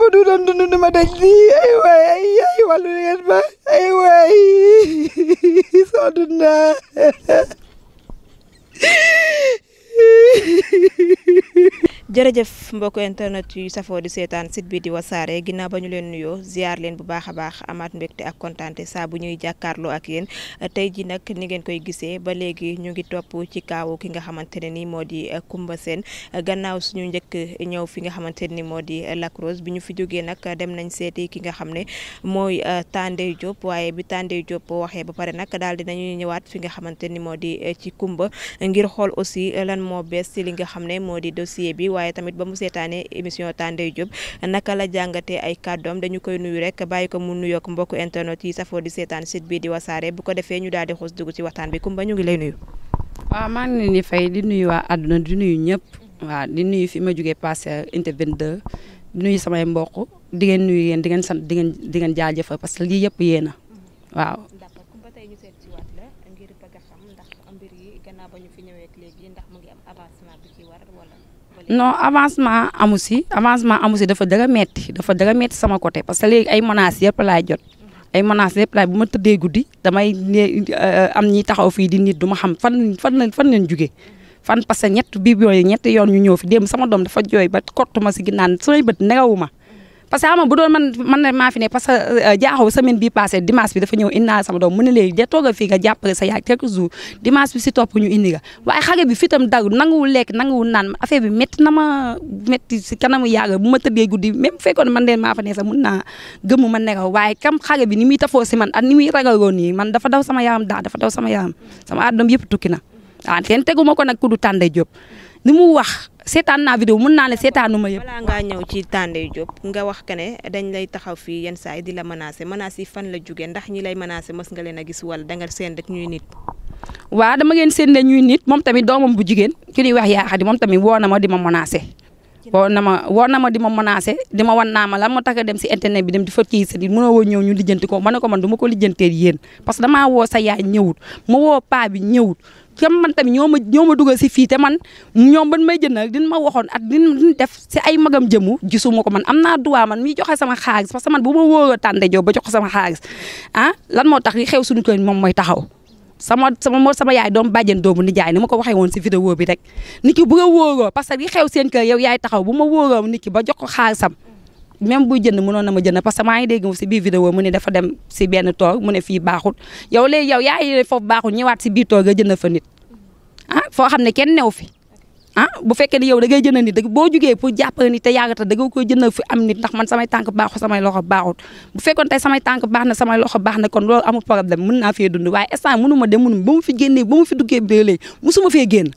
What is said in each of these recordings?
bu du doon dund du ma daj lii ay waay ay ay wàllu ma ay waay sonn jërëjëf mbokk internet yu safoo di seetaan sit bi di wasaare ginnaaw ba ñu leen nuyoo ziar leen bu baax a baax amaat mbégte ak kontaante saa bu ñuy jàkkaarloo ak yéen tey ji nag ni ngeen koy gisee ba léegi ñu ngi topp ci kaawu ki nga xamante ne ni moo di eh, Coumba Sène gannaaw suñu njëkk ñëw fi nga xamante ne moo di eh, Lac bi ñu fi jógee nag dem nañ seeti ki nga xam ne mooy eh, Tandey Diop waaye bi Tandey Diop waxee ba pare nag daal nañuy ñëwaat fi nga xamante ni moo di ci Coumba ngir xool aussi lan moo bees ci li nga xam ne moo di dossier bi waaye tamit ba mu seetaanee émission Tandey Diop naka la jàngatee ay kàddoom dañu koy nuyu rek bàyyi ko mu nuyoog mbokku internet yi safoo di seetaan site bii di wasaare bu ko defee ñu daal di xuus dugg ci waxtaan bi Kumba ñu ngi lay nuyu. waaw maa ngi leen di fay di nuyu waa àdduna di nuyu ñëpp waaw di nuyu fi ma jógee passé unité 22 di nuyu samay mbokk di ngeen nuyu yéen di ngeen sant di ngeen di ngeen jaajëfal parce que lii yëpp yéen a waaw. non avancement amusi si avancement amu dafa dara metti dafa dara metti sama côté parce que ay menaces yëpp laay jot ay menaces yëpp laay bu ma tëddee guddi damay euh, am ñi taxaw fi di nit du xam fan fan lañ fan lañ jugee fan parce que ñett bi yooyu ñetti yoon ñu ñëw fi démb sama doom dafa jooy ba kottu ma si ginnaan samay bët ma parce que xam nga bu doon man man na maa fi ne parce que euh, jaaxaw semaine bii passé sama doom mu ne léegi de toogal fii nga jàppale sa yaay quelques jours dimanche bi si topp ñu indi nga waaye xale bi fitam daru nanguwul lekk nanguwul naan affaire bi métti na ma métti si kanamu yàgg bu ma tëddee guddi même fekkoon man de maa fa ne sax mun naa gëmm ma nekkaw waaye kam xale bi ni muy tafoo si man ak ni muy ragaloon nii man dafa daw sama yaram daa dafa daw sama yaram sama àdduna yëpp tukki na waaw kenn tegu ma ko nag ku du tànde Diop ni mu seetaan naa vidéo mën naa ne seetaanu ma yëpp. balaa ngaa ñëw ci Tande Diop nga wax que ne dañ lay taxaw fii yenn saa yi di la menacer menace yi fan la jógee ndax ñi lay menacer mës nga leen a gis wala danga seen rek ñuy nit. waaw dama ngeen seen ne ñuy nit moom tamit doomam bu jigéen ki ñuy wax Yaa Khady moom tamit woo na ma di ma menacer. woo na ma woo na ma di ma menacé di ma wan naa ma lan ma tax dem si internet bi dem di fa kii sa di mënoo ñëw ñu lijjanti ko ma ne ko man du ma ko lijjantee yéen parce que damaa woo sa yaay ñëwut ma woo paa bi ñëwut comme man tamit ñoo ma ñoo ma dugal si fii te man ñoom ban may jënd nag din ma waxoon at din def si ay magam jëmu gisuma ko man am naa droit man miy joxe sama xaalis parce que man bu ma wóoroo tànde job ba jox ko sama xaalis ah lan moo tax li xew suñu kër moom mooy taxaw sama sama moo sama yaay doom bàjjen doomu nijaay ni ma ko waxee woon si vidéo bi rek nit ki bu nga parce que li xew seen kër yow yaay taxaw bu ma wóoroo nit ki ba jox ko xaalisam même buy jënd mënoon na ma jënd parce que maa ngi dégg si biir vidéo mu ne dafa dem si benn toog mu ne fii baaxul yow léegi yow yaa ngi foofu baaxul ñëwaat si biir toog nga jënd fa nit ah foo xam ne kenn new fi ah bu fekkee ni yow da ngay jënd nit dëgg boo jugee pour jàppale nit te yàggata da nga koy jëndal fi am nit man samay tànk baaxul samay loxo baaxul bu fekkoon tey samay tànk baax na sama loxo baax na kon amu amul problème mën naa fee dund waaye instant mënu ma dem mënu ba mu fi génnee ba mu fi duggee ba léegi musuma fee génn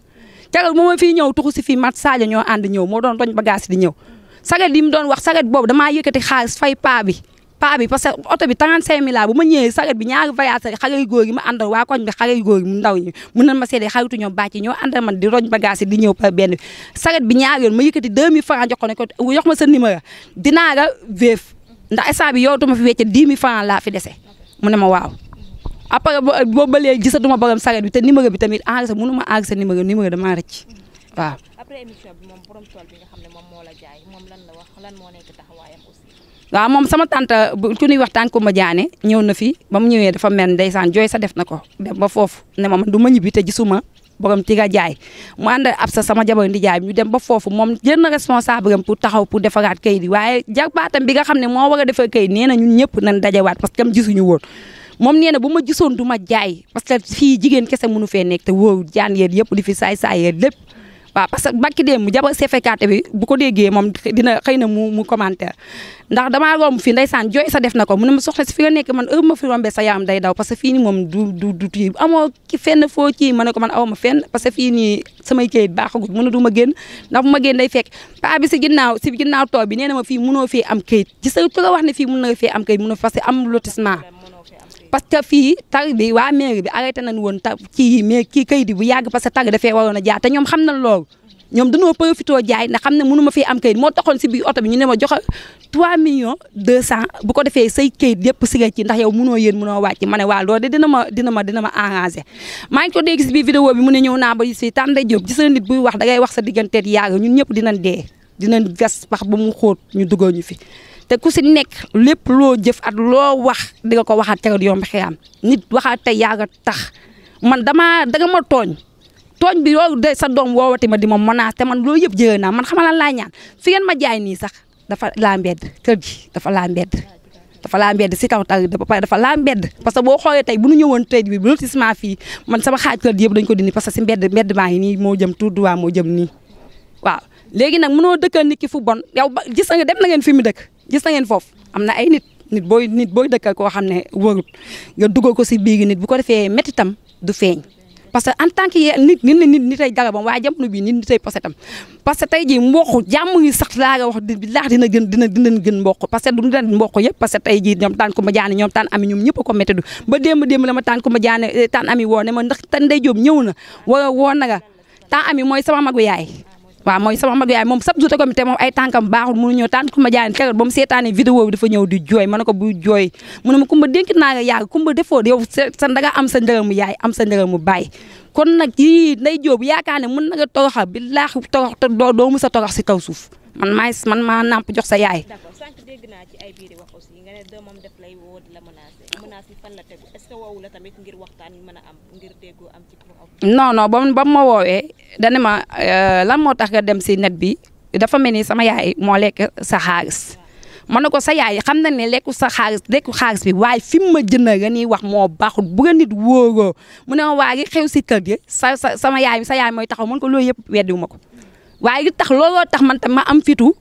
cagal moo ma fii ñëw tuxu si fii mat Sadio ñoo ànd ñëw moo doon doñ bagage di ñëw sagat yi mu doon wax sagat boobu damaa yëkkati xaalis fay paa bi paa oto bi 35000 laa bu ma ñëwee sagat bi ñaari voyage xale yu góor yi ma àndal waa koñ bi xale yu góor ma di roñ par benn sagat bi ñaari yoon ma yëkkati 2000 francs jox ko ne ma sa numéro dinaa la veef ndax bi yow ma fi wecce 10 000 laa fi dese mu ne ma waaw après boobu ba léegi gisatuma borom saret bi te numéro bi tamit enregistré mënuma enregistré numéro numéro damaa waaw après émission bi moom borom tool bi moom moo la jaay moom lan la wax lan moo nekk taxawaayam waaw moom sama tante bu ku ñuy waxtaan ko ma jaane ñëw na fi ba mu ñëwee dafa mel ndeysaan jooy sa def na ko dem ba ne ma man du ma ñibbi te gisuma borom ti jaay mu ànd ab sa sama jabar di jaay dem ba foofu moom jël na responsable am pour taxaw pour defaraat kayit yi waaye jarbaatam bi nga xam ne moo war a kayit nee na ñëpp nañ dajawaat parce que am gisuñu moom nee na bu ma gisoon du ma jaay parce que fii jigéen kese mënu fee nekk te wóoru jaan yéen yëpp di fi saay saay yéen lépp waaw parce que bakki démb jabar CFKT bi bu ko déggee moom dina xëy mu mu ndax damaa romb fii ndeysaan jooy sa def na ko mu ne ma soxna fi nga nekk man heure ma fi rombee sa yaram day que fii nii moom du du du kii ko man ma fenn que fii nii samay kayit baaxagul mu ne du ma génn ndax bu ma génn day fekk si ginnaaw si ginnaaw tool bi nee am kayit gis nga wax ne fii mën na fii am kayit mënoo parce que am lotissement parce que fii tar bi waa mairie bi arrêté nañ woon ta kii mais kii kayit bu yàgg parce que tar dafee waroon a jaar te ñoom xam na loolu ñoom dañoo profité jaay na xam ne mënu ma fee am kayit moo taxoon si biir oto bi ñu ne ma joxe 3 millions 200 bu ko defee say kayit yëpp si nga ci ndax yow mënoo yéen mënoo wàcc ma ne waa loolu dina ma dina ma dina ma ngi ko dégg si biir vidéo bi mu ne ñëw naa ba si Tande Diop gis na nit buy wax da ngay wax sa digganteeg yàgg ñun ñëpp dinañ dee dina gas wax ba mu xóot ñu duggoo ñu fi te ku si nekk lépp loo jëf at loo wax di nga ko waxaat tegal yomb xiyaam nit waxaat te yaa nga tax man damaa danga ma tooñ tooñ bi yow de sa doom woowati ma di ma menace te man loolu yëpp jëlee naa man xamal lan laa ñaan fi ngeen ma jaay nii sax dafa laa mbedd kër gi dafa laa mbedd dafa laa mbedd si kaw taw dafa laa mbedd parce que boo xoolee tey bu ñu ñëwoon tey bi lotissement fii man sama xaaj kër gi yëpp dañ ko dindi parce que si mbedd mbedd maa ngi nii moo jëm tout droit moo jëm nii waaw léegi nag mënoo dëkkal nit ki fu bon yow ba gis nga dem na ngeen fi mu dëkk gis na ngeen foofu am na ay nit nit booy nit booy dëkkal koo xam ne warut nga dugal ko si biir nit bu ko defee métti tam du feeñ. parce en tant que nit nit nit nit ay garabam waaye jamono bii nit nit ay posetam parce que tey jii mboq jàmm ngi sax laa nga wax di laax dina gën dina dinañ gën mboq parce que du leen mboq yëpp parce que tey jii ñoom taan ko ma jaane ñoom taan ami ñoom ñëpp a ko métti du ba démb démb la ma taan ko ma jaane ma ndax tan day jóob ñëw na wala woo na nga taan ami mooy sama magu yaay waaw mooy sama mag yaay moom chaque jour da ko mi te moom ay tànkam baaxul mënu ñëw tànk ku ma jaay keroog ba mu seetaanee vidéo bi dafa ñëw di jooy ma ne ko bu jooy mu ne ma kumba dénk naa nga yàgg kumba defoo yow san da nga am sa yaay am sa baay kon nag yii nday jóob yaakaar ne mën na toroxa billaahi torox doo sa torox si kaw suuf man maa nàmp jox sa yaay doomam def lay woo di la menacé menace mën a am ngir déggoo am ci ba ba ma woowee dana ma euh, lan moo tax nga dem si net bi dafa mel ni sama yaay moo lekk sa xaalis ma ne ko sa yaay xam na ne lekku sa xaalis lekku xaalis bi waaye fi mu ma jënd nga nii wax moo baaxut bu nga nit wóoroo mu ne ma waa gi xew si kër gi sa sa sama yaay sa yaay mooy taxaw mën ko loolu yëpp weddiwu ma ko waaye tax looloo tax man tam ma am fitu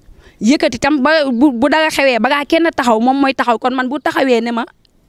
yëkkati tam ba bu dara xewee ba ngaa kenn taxaw moom mooy taxaw kon man bu taxawee ne ma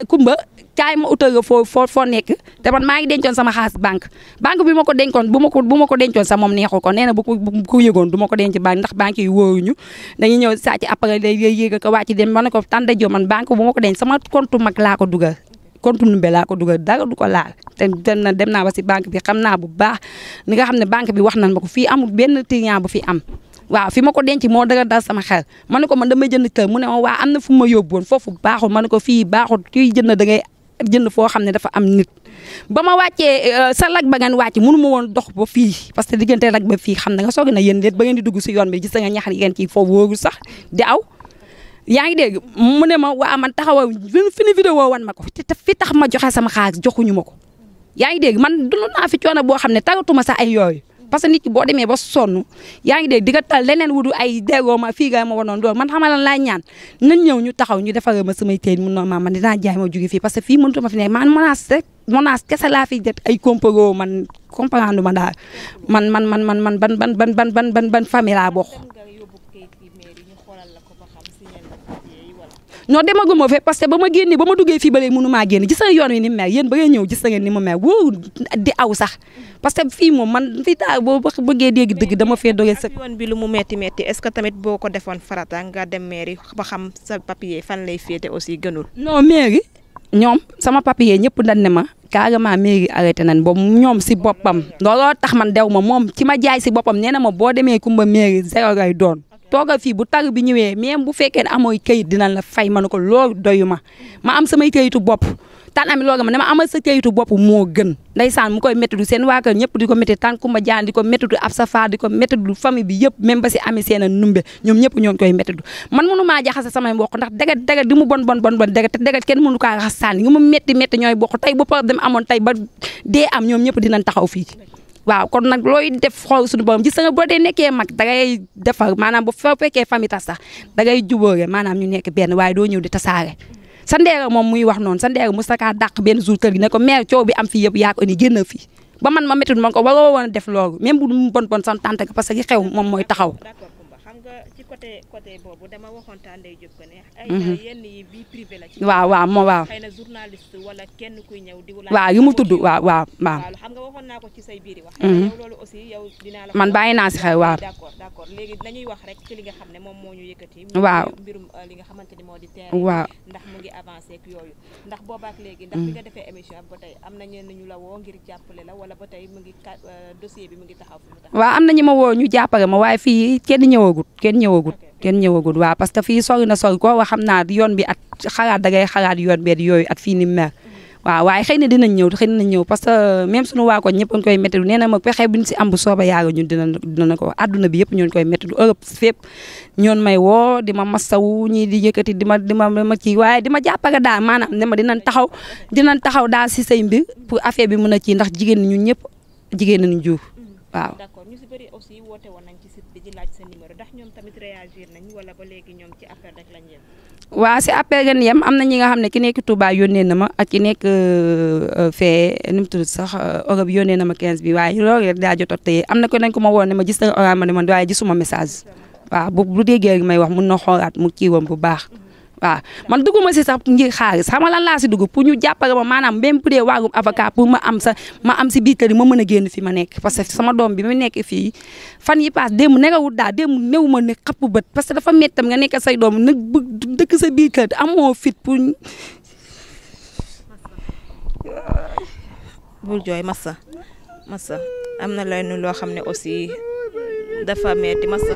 kumba kaay ma utal la foo foo foo nekk te man maa ngi dencoon sama xaas banque banque bi ma ko dencoon bu ma ko bu ma ko dencoon sa moom neexu ko nee na ko bu ko yëgoon du ma ko denc banque ndax banque yi wóoruñu dañuy ñëw sàcc après day yëg ko wàcc dem ma ne ko tànda joo man banque bu ma ko denc sama compte mag laa ko dugal compte numbe laa ko dugal dara du ko laal te dem na dem naa ba si banque bi xam naa bu baax ni nga xam ne banque bi wax nañ ma ko fii amul benn client bu fi am waaw fi ma ko denc moo dëgg dal sama xel ma ne ko man damay jënd kër mu ne ma waa am na fu ma yóbbuwoon foofu baaxul ma ne ko fii baaxul fii jënd da ngay jënd foo xam ne dafa am nit. ba ma wàccee euh, sa lag ba ngeen wàcc ma woon dox ba fii parce que diggante lag ba fii xam na nga soog na yéen léet ngeen di dugg si yoon bi gis nga ñax yi ngeen ciy foofu di aw. yaa ngi dégg mu ne ma waa man taxawa fi ni vidéo wan ma ko fi tax ma joxe sama xaalis joxuñu ma ko yaa ngi dégg man dund naa fi coono boo xam ne tàggatuma sax ay yooyu parce que nit ki boo demee ba sonn yaa ngi dee di nga tal leneen wudu ay déggoo ma fii nga ma wanoon loolu man xamal laa ñaan na ñëw ñu taxaw ñu defal ma samay téen mun na ma man dinaa jaay ma jóge fi parce que fii mënut ma fi nekk man monas rek menace kese laa fi def ay compagnie man comprendre ma daal man man man man man ban ban ban ban ban ban famille laa bokk non demaguma fe parce que ba ma génnee ba ma duggee fii ba léegi mënu maa génn gis nga yoon wi ni mu mel yéen ba ngeen ñëw gis ni mu mel sax parce que fii moom man fii taa boo bëggee dégg dëgg dama fee doge sa yoon bi lu mu metti metti est-ce boo ko defoon farata nga dem mairie ba xam sa papier fan lay féete aussi gënul non mairie ñoom sama papier ñëpp dañ ne ma carrément mairie arrêté nañ ba ñoom si boppam looloo tax man dew ma moom ci ma jaay si boppam nee na ma boo demee kumba mairie zéro lay doon toogal fii bu tàgg bi ñëwee même bu fekkee ne amooy kayit dinañ la fay ma ne ko loolu doyu ma ma am samay kayitu bopp tan ami looga ma ne ma amal sa kayitu bopp moo gën saan mu koy méttidu seen waa ñëpp di ko métti tan ma jaan di ko méttidu ab safaar di ko méttidu famille bi yëpp même ba si ami seen a numbe ñoom ñëpp ñoo ngi koy méttidu man mënu maa jaxase samay mbokk ndax degat degat mu bon bon bon bon degat te kenn mënu kaa raxas sànni ngi mu ñooy bokk tey bopp problème amoon tey ba dee am ñoom ñëpp dinañ taxaw fii waaw kon nag looy def xool suñu borom gis nga boo dee nekkee mag dangay defar maanaam bu fekkee famille tas sax dangay jubóore maanaam ñu nekk benn waaye doo ñëw di tasaare. sa ndeera moom muy wax noonu sa ndeera Moustapha dàq benn jour kër gi ne ko mère coow bi am fii yëpp yaa ko ni génn fii ba man ma métti man ko waroo woon a def loolu même bu bon bon sant tante parce que xew moom mooy taxaw. côté côté boobu dama waxoon Ndeye Diop ko ne. Mhm. ay yenn yi vie privée la ci. waaw waaw moom waaw. xëy na journaliste wala kenn kuy ñëw di. waaw yu mu tudd waaw waaw waaw. xam nga waxoon naa ko ci say biir wax. Mhm. loolu aussi yow dinaa la. man bàyyi naa si xel waaw. d' accord d' accord léegi dañuy wax rek ci li nga xam ne moom moo ñu yëkkati. waaw mbirum euh, li nga xamante ni moo di. terrain waaw ndax mu ngi avancé ak yooyu ndax boobaak léegi. ndax bi mhm. nga defee émission ba tey am na ñenn ñu la woo ngir jàppale la wala ba tey mu ngi euh, dossier bi mu ngi taxaw fu mu taxaw. waaw am na ñu ma woo ñu jàppale ma waaye fii kenn ñëwagut kenn ñëwagut ñëwagut kenn ñëwagut waaw parce fii sori na sori ko wax xam naa yoon bi at xalaat da ngay yoon bee at fii ni mer waaw waaye xëy na dinañ ñëw xëy na ñëw parce que même suñu waa ko ñëpp ñu ma pexe bu ñu si am bu sooba yaaga ñun dina dina ko àdduna ma masawu di ma di ma ma ci waaye di ma jàppale daal maanaam ne ma dinañ si say mbir pour affaire bi mën a ci ndax jigéen ñun ñëpp jigéen nañu juuf ñu si bëri aussi woote woon nañ di laaj sa numéro ndax ñoom tamit réagir nañ wala ba léegi ñoom ci appel rek lañ yem. waaw si appel yem am na ñi nga xam ne ki nekk Touba yónnee na ma ak ki nekk euh, euh, fee nu mu tudd sax euh, Europe yónnee na ma 15 bi waaye loolu rek daa jot a am na ko nañ ko ma woon ne ma gis na orange ma ne man waaye gisuma message waaw bu bu déggee may wax mun na xoolaat mu kiiwam bu baax. Mm-hmm. waaw man dugguma si sax ngir xaalis xam nga lan laa si dugg pour ñu jàppale ma maanaam même bu dee waagum avocat pour ma am sa ma am si biir kër yi ma mën a génn fi ma nekk parce que sama doom bi ma nekk fii fan yi paas démb nekkawut daal démb néew ma ne xapp bët parce que dafa métti tam nga nekk say doom nag sa biir kër amoo fit pour. bul jooy Massa Massa am na lay loo xam ne aussi dafa métti Massa.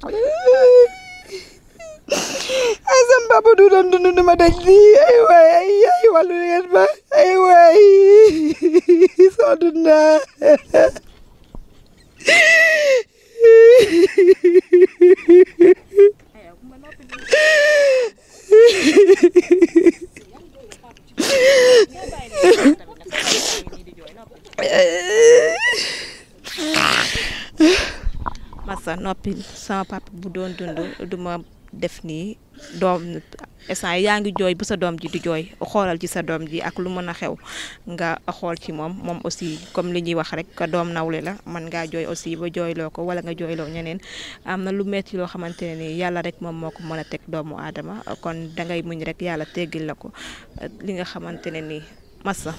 ay sama papa du doon dund du ma daj lii ay waay ay ay wàllu ngeen ma ay waay soo dund naa sax noppi sama papa bu doon dund du ma def nii doom instant yaa ngi jooy bu sa doom ji di jooy xoolal ci sa doom ji ak lu mën a xew nga xool ci moom moom aussi comme li ñuy wax rek que doom nawle la mën ngaa jooy aussi ba jooyloo ko wala nga jooyloo ñeneen am na lu metti loo xamante ne ni yàlla rek moom moo ko mën a teg doomu aadama kon dangay muñ rek yàlla teggil la ko li nga xamante ne ni massa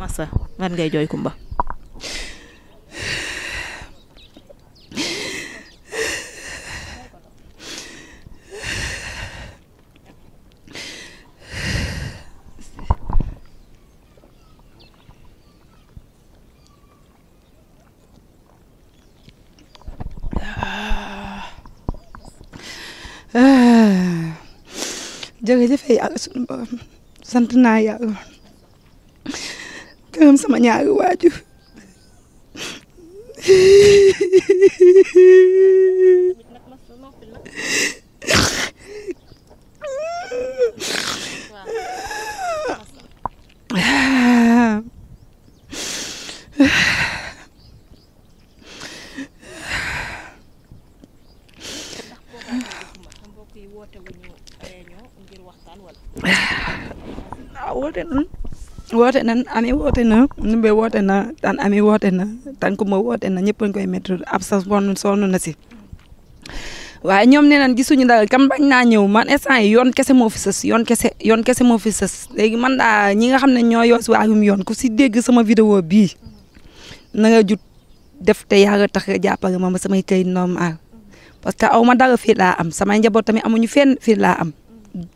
massa man ngay jooy kumba jërëjëf yàlla sunu borom sant naa yàlla gërëm sama ñaari waajur woote na woote na ami woote na numbe woote na tan ami woote na tan kumba woote na ñëpp a koy mettre ab sa sonn sonn na si waaye ñoom nee nañ gisuñu dara kam bañ naa ñëw man instant yi yoon kese moo fi sës yoon kese yoon kese moo fi sës léegi man daa ñi nga xam ne ñoo yoos waayum yoon ku si dégg sama vidéo bii na nga jut def te yàlla tax jàppale ma ma samay këyit normal parce que aw ma dara fii laa am samay njaboot tamit amuñu fenn fii laa am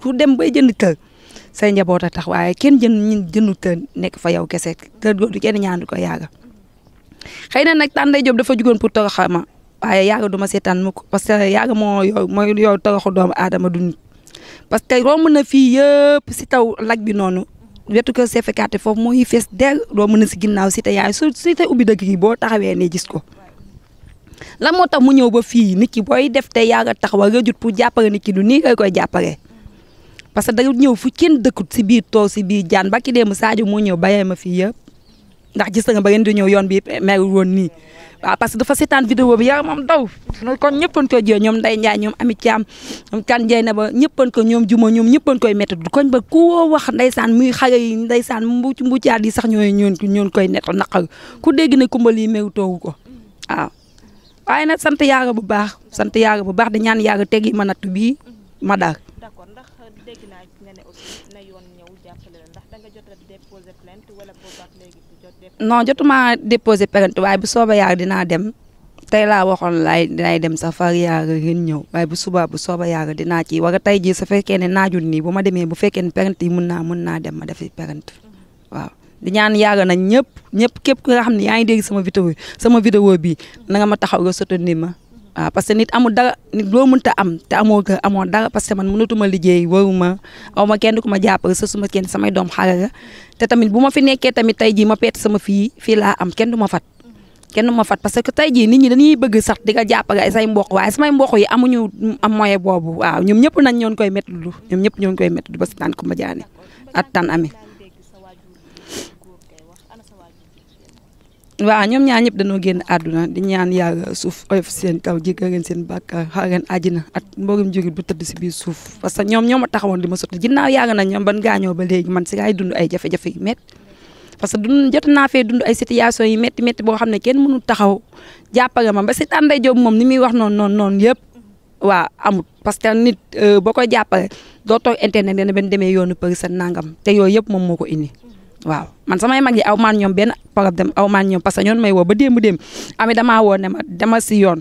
ku dem bay jënd kër say njaboot a tax waaye kenn jën ñun jëndut nekk fa yow kese te du kenn ko yaaga xëy na nag tànday Jóob dafa jugoon pour togax ma waaye yaaga du ma seetaan mukk parce que yaaga moo yow mooy yow doomu aadama du nit parce que romb na fii yëpp si taw lag bi noonu wetu ko sefekate foofu mooy fees dell romb na si ginnaaw si te yaay su si te ubbi dëkk gi boo taxawee ne gis ko lan moo tax mu ñëw ba fii nit ki booy def te yaaga taxawa nga jut pour jàppale ni ki du nii koy jàppale parce que dañu ñëw fu kenn dëkkut si biir tool si biir jaan ba ki démb Sadio moo ñëw bayee ma fii yëpp ndax gis nga ba ngeen di ñëw yoon bi meewul woon nii waaw parce que dafa seetaan vidéo bi yaram moom daw kon ñëppoon koy jiyee ñoom Ndeye Ndiaye ñoom Ami Thiam ñoom kan Ndiaye ba ñëppoon ko ñoom juma ñoom ñëppoon koy méttiwul koñ ba ku wax ndeysaan muy xale yi ndeysaan mbuuc mbuucaat yi sax ñooy ñoon ñoon koy netto naqal ku dégg ne kumbal yi meew ko waaw. waaye nag sant yàlla bu baax sant yàlla bu baax di ñaan yàlla tegi ma natt bii ma daal non jotuma déposé plainte waaye bu soobee yàlla dinaa dem tey laa waxoon laay dinay dem sax far yàlla ngeen ñëw waaye bu subaa bu sooba yàlla dinaa ci war a tey jii sa fekkee ne naaju nii bu ma demee bu fekkee ne plainte yi mun naa mun naa dem ma defi plainte waaw. di ñaan yàgg nañ ñëpp ñëpp képp ku nga xam ne yaa ngi dégg sama vidéo sama vidéo bii na ma taxaw nga ni ma. waaw parce que nit amu dara nit loo mënta am te amoo kër amoo dara parce que man mënatuma liggéey waruma aw ma kenn ku ma jàppale sa suma kenn samay doom xarala te tamit bu ma fi nekkee tamit tey jii ma peet sama fii fii laa am kenn du ma fat kenn du ma fat parce que tey jii nit ñi dañuy bëgg sax di nga jàppale ay say mboq waaye samay mboq yi amuñu am moyen boobu waaw ñoom ñëpp nañ ñoon koy métti du ñoom ñëpp ñoon koy métti lu ba si tànn ku ma jaane at waaw ñoom ñaar ñëpp dañoo génn àdduna di ñaan yàlla suuf oyof seen kaw jéggal leen seen bàkkaar xaar leen àjjina at mboolem jurit bu tëdd si biir suuf parce que ñoom ñoo a taxawoon di ma sotti ginnaaw yàlla na ñoom ban gaañoo ba léegi man si laay dund ay jafe-jafe yu métti jot naa fee ay situation yi métti métti boo ne kenn mënu taxaw jàppale ma ba si tànday job moom ni muy wax noon noon noonu yëpp waaw amut parce que nit euh, boo koy jàppale doo toog internet dina benn demee yoonu përi sa nangam te yooyu yëpp moom moo ko indi waaw man samay mag yi aw maan ñoom benn dem aw maan ñoom parce que ñoon may woo ba démb démb ami damaa woo ne ma dama si yoon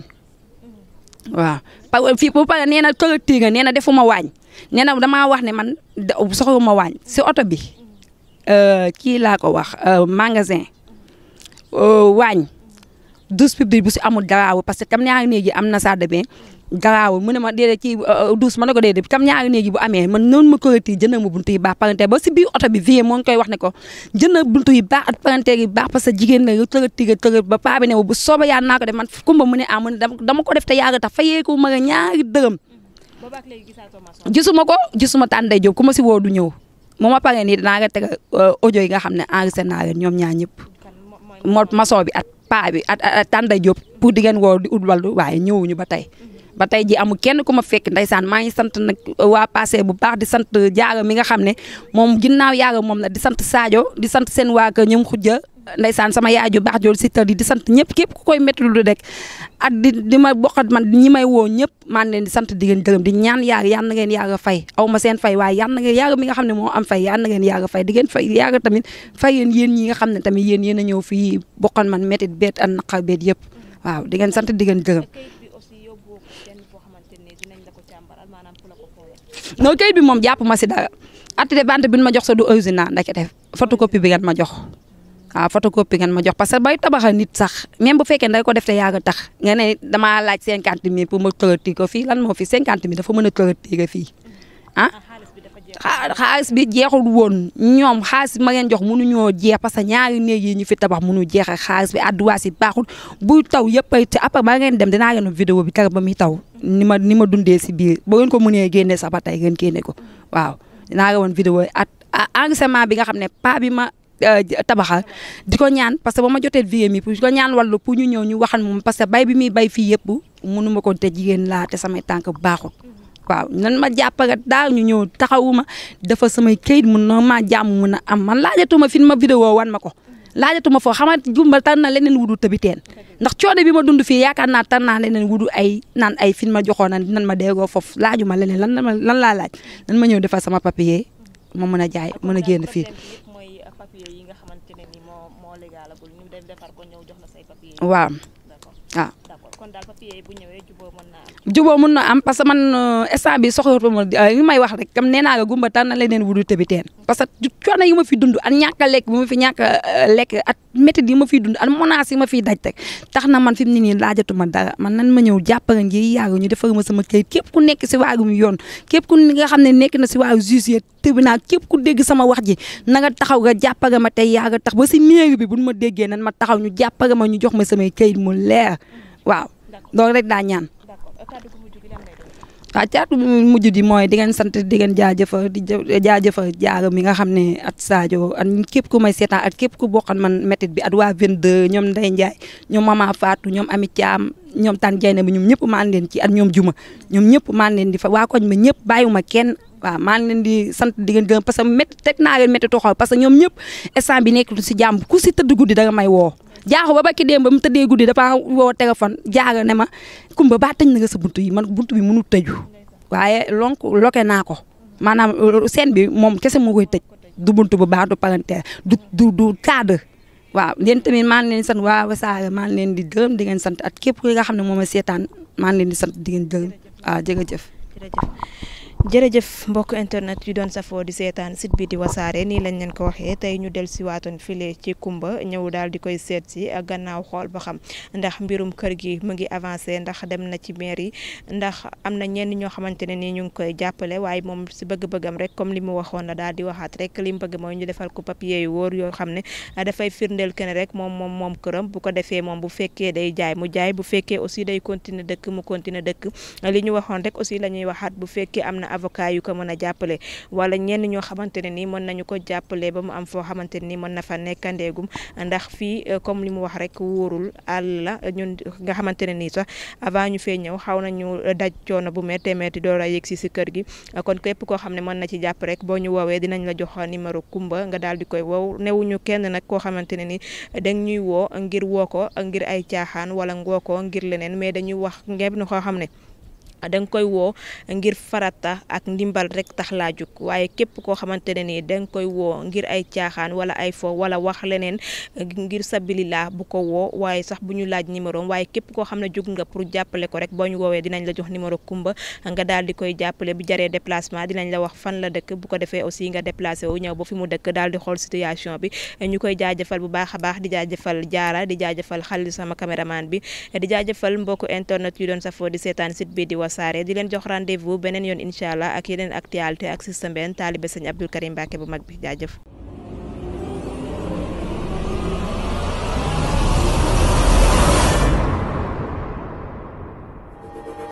waaw fii bu pare nee na collecté nee na defuma waañ nee na damaa wax ne man soxluma waañ si oto bi euh, kii laa ko wax euh, magasin euh, waañ douze publique bu si amul garaawu parce que tam ñaari néeg ji am na salle garaawul mu ma déedéet ci euh, euh, douce ma ne ko déedéet tam ñaari néegi bu amee man noonu ma correcté jënd ma buntu yi baax palanteer ba si biir oto bi vie moo ngi koy wax ne ko jënd buntu yi baax ak palanteer yi baax parce que jigéen nga tërët tiga tërët ba paa bi ne bu sooba yaa naa ko def man kumba mu ah, ko def te yaaga tax fayeeku ma nga ñaari dërëm gisuma ko gisuma tànday Jóob ku ma si woo du ñëw moo ma paree nii dinaa nga teg euh, audio yi nga xam ne enregistré naa leen ñoom ñaa ñëpp ma maçon bi at paa bi at tànday pour di ngeen woo di ut wallu waaye ñëwuñu ba tey mm-hmm. ba tey ji amul kenn ku ma fekk ndeysaan maa ngi sant nag waa passé bu baax di sant jaaga mi nga xam ne moom ginnaaw yaaga moom la di sant Sadio di sant seen waa kër ñoom xujja ndeysaan sama yaay ju baax jool si tër yi di sant ñëpp képp ku koy métti du dekk ak di di ma bokkat man ñi may woo ñëpp maan ngi leen di sant di ngeen di ñaan yaag yaan na ngeen yaaga fay aw ma seen fay waaye yaan na ngeen yaaga mi nga xam ne moo am fay yaan na ngeen yaaga fay di ngeen fay yaaga tamit fay yéen yéen ñi nga xam ne tamit yéen yéen a ñëw fii bokkat man métti beet ak beet yëpp waaw di ngeen sant di ngeen gërëm non kayit bi moom jàpp ma si dara attité bant bi ma jox sa du original ndekete photocopie bi ngeen ma jox waaw photocopie ngeen ma jox parce que bay tabaxa nit sax même bu fekkee day ko def te yaaga tax nga ne damaa laaj cinquante mille pour ma clôturer ko fii lan mo fi cinquante mi dafa mën a clôturer fii ah xaalis bi jeexul woon ñoom xaalis bi ma ngeen jox mënuñoo jeex parce que ñaari néeg yi ñu fi tabax mënu jeex ak xaalis bi adduwaas yi baaxul buy taw yëpp ay te ma ngeen dem dinaa leen vidéo bi keroog ba muy taw ni ma ni ma dundee si biir ba ngeen ko mënee génne sax ba tey ngeen ko waaw dinaa woon vidéo at engagement bi nga xam ne pa bi ma euh, tabaxal di ko ñaan parce que ba ma jotee vie mi pour di ko ñaan wàllu pour ñu ñëw ñu waxal moom parce que bay bi muy bay fi yëpp mënu ma ko te jigéen laa te samay tànk baaxul waaw nan ma jàppagat daa ñu ñëw taxawuma dafa samay kayit mun na maa jàmm mun a am man laajatuma fi ma vidéo wan ma ko laajatuma foo xamante jumba tan na leneen wudu tabiteen ndax coono bi ma dund fii yaakaar naa tan naa leneen wudu ay naan ay fin ma joxoon nan ma déggoo foofu laajuma la lan lan laa laaj nan ma ñëw defal sama papier ma mën a jaay mën a génn fii waaw waaw juboo mun na am parce que man euh, instant bi soxla ma euh, li may wax rek kam nee naa la gumba tànn leneen wudu tëbi teen parce que coono yi ma fi dund ak ñàkk a lekk bu ma fi ñàkk a euh, lekk ak métti yi ma fiy dund ak menaces yi ma fiy daj rek tax na man fi mu ne nii laajatuma dara man nan ma ñëw jàppale ngir yàgg ñu defal ma sama kayit képp ku nekk si waagum yoon képp ku nga xam ne nekk na si waagu justice tribunal képp ku dégg sama wax ji na nga taxaw nga jàppale ma tey yàgg tax ba si mairie bi buñ ma déggee nan ma taxaw ñu jàppale ma ñu jox ma samay kayit mu leer waaw loolu rek daa ñaan waaw caatu bi mujj di mooy di ngeen sant di ngeen jaajëfa di jaajëfa jaaga mi nga xam ne at Sadio ak képp ku may seetaan ak képp ku bokkan man métit bi at waa 22 ñoom day Ndiaye ñoom ma Mama Fatou ñoom Ami Thiam ñoom Tane Dieng bi ñoom ñëpp maa ngi leen ci at ñoom Juma ñoom ñëpp maa ngi leen di fa waa koñ ma ñëpp bàyyiwuma kenn waaw maa ngi leen di sant di ngeen gërëm parce que métti teg naa leen métti too xaw parce ñoom ñëpp instant bi nekk si jàmm ku si tëdd guddi danga may woo. jaaxu ba ba ki démb ba mu dee guddi dafa woo téléphone jaaga ne ma kumba ba tëj na nga sa buntu yi man buntu bi mënul tëju waaye lonk loke naa ko maanaam euh, seen bi moom kese moo koy tëj du buntu bu baax du du du du cadre waaw yéen tamit maa ngi leen di sant waa Wassare maa ngi leen di gërëm di ngeen sant ak képp ki nga xam ne moom a seetaan maa ngi leen di sant di ngeen gërëm waaw jërëjëf jërëjëf mbokk internet yu doon safoo di seetaan site bi di wasaare nii lañ leen ko waxee tey ñu del si waatoon file ci Kumba ñëw daal di koy seet si gannaaw xool ba xam ndax mbirum kër gi mu ngi avancé ndax dem na ci maire yi ndax am na ñenn ñoo xamante ne nii ñu ngi koy jàppale waaye moom si bëgg-bëggam rek comme li mu waxoon la daal di waxaat rek li mu bëgg mooy ñu defal ko papier yu wóor yoo xam ne dafay firndeel kenn rek moom moom moom këram bu ko defee moom bu fekkee day jaay mu jaay bu fekkee aussi day continuer dëkk mu continuer dëkk li avocat yu ko mën a jàppale wala ñenn ñoo xamante ne nii mën nañu ko jàppale ba mu am foo xamante ne nii mën na fa nekkandeegum ndax fii euh, comme li mu wax rek wóorul àll la ñun nga xamante ne nii sax avant ñu fee ñëw xaw nañu euh, daj coono bu méttee métti door a yegg si si kër gi kon képp koo xam ne mën na ci jàpp rek boo ñu woowee dinañ la jox numéro Kumba nga daal di koy woow newuñu kenn nag koo xamante ne nii dañ ñuy woo ngir woo ko ngir ay caaxaan wala ngoo ko ngir leneen mais dañuy wax ngeen koo xam ne Ah, da nga koy woo ngir farata ak ndimbal rek tax laa jóg waaye képp koo xamante ne nii da nga koy woo ngir ay caaxaan wala ay fo wala wax leneen eh, ngir sabilillah bu ko woo waaye sax bu ñu laaj numéro waaye képp ko xam ne jóg nga pour jàppale ko rek boo ñu woowee dinañ la jox numéro Kumba nga daal di koy jàppale bu jaree déplacement dinañ la wax fan la dëkk bu ko defee aussi nga déplacé wu ñëw ba fi mu dëkk daal di xool situation bi eh, ñu koy jaajëfal bu baax a baax di jaajëfal jaara di jaajëfal xali sama caméraman bi eh, di jaajëfal mbokku internet yu doon safoo di seetaan site bi Wassare di leen jox rendez-vous beneen yoon incha allah ak yeneen actualité ak système benn taalibe sëñ Abdou Karim Mbacké bu mag bi jaajëf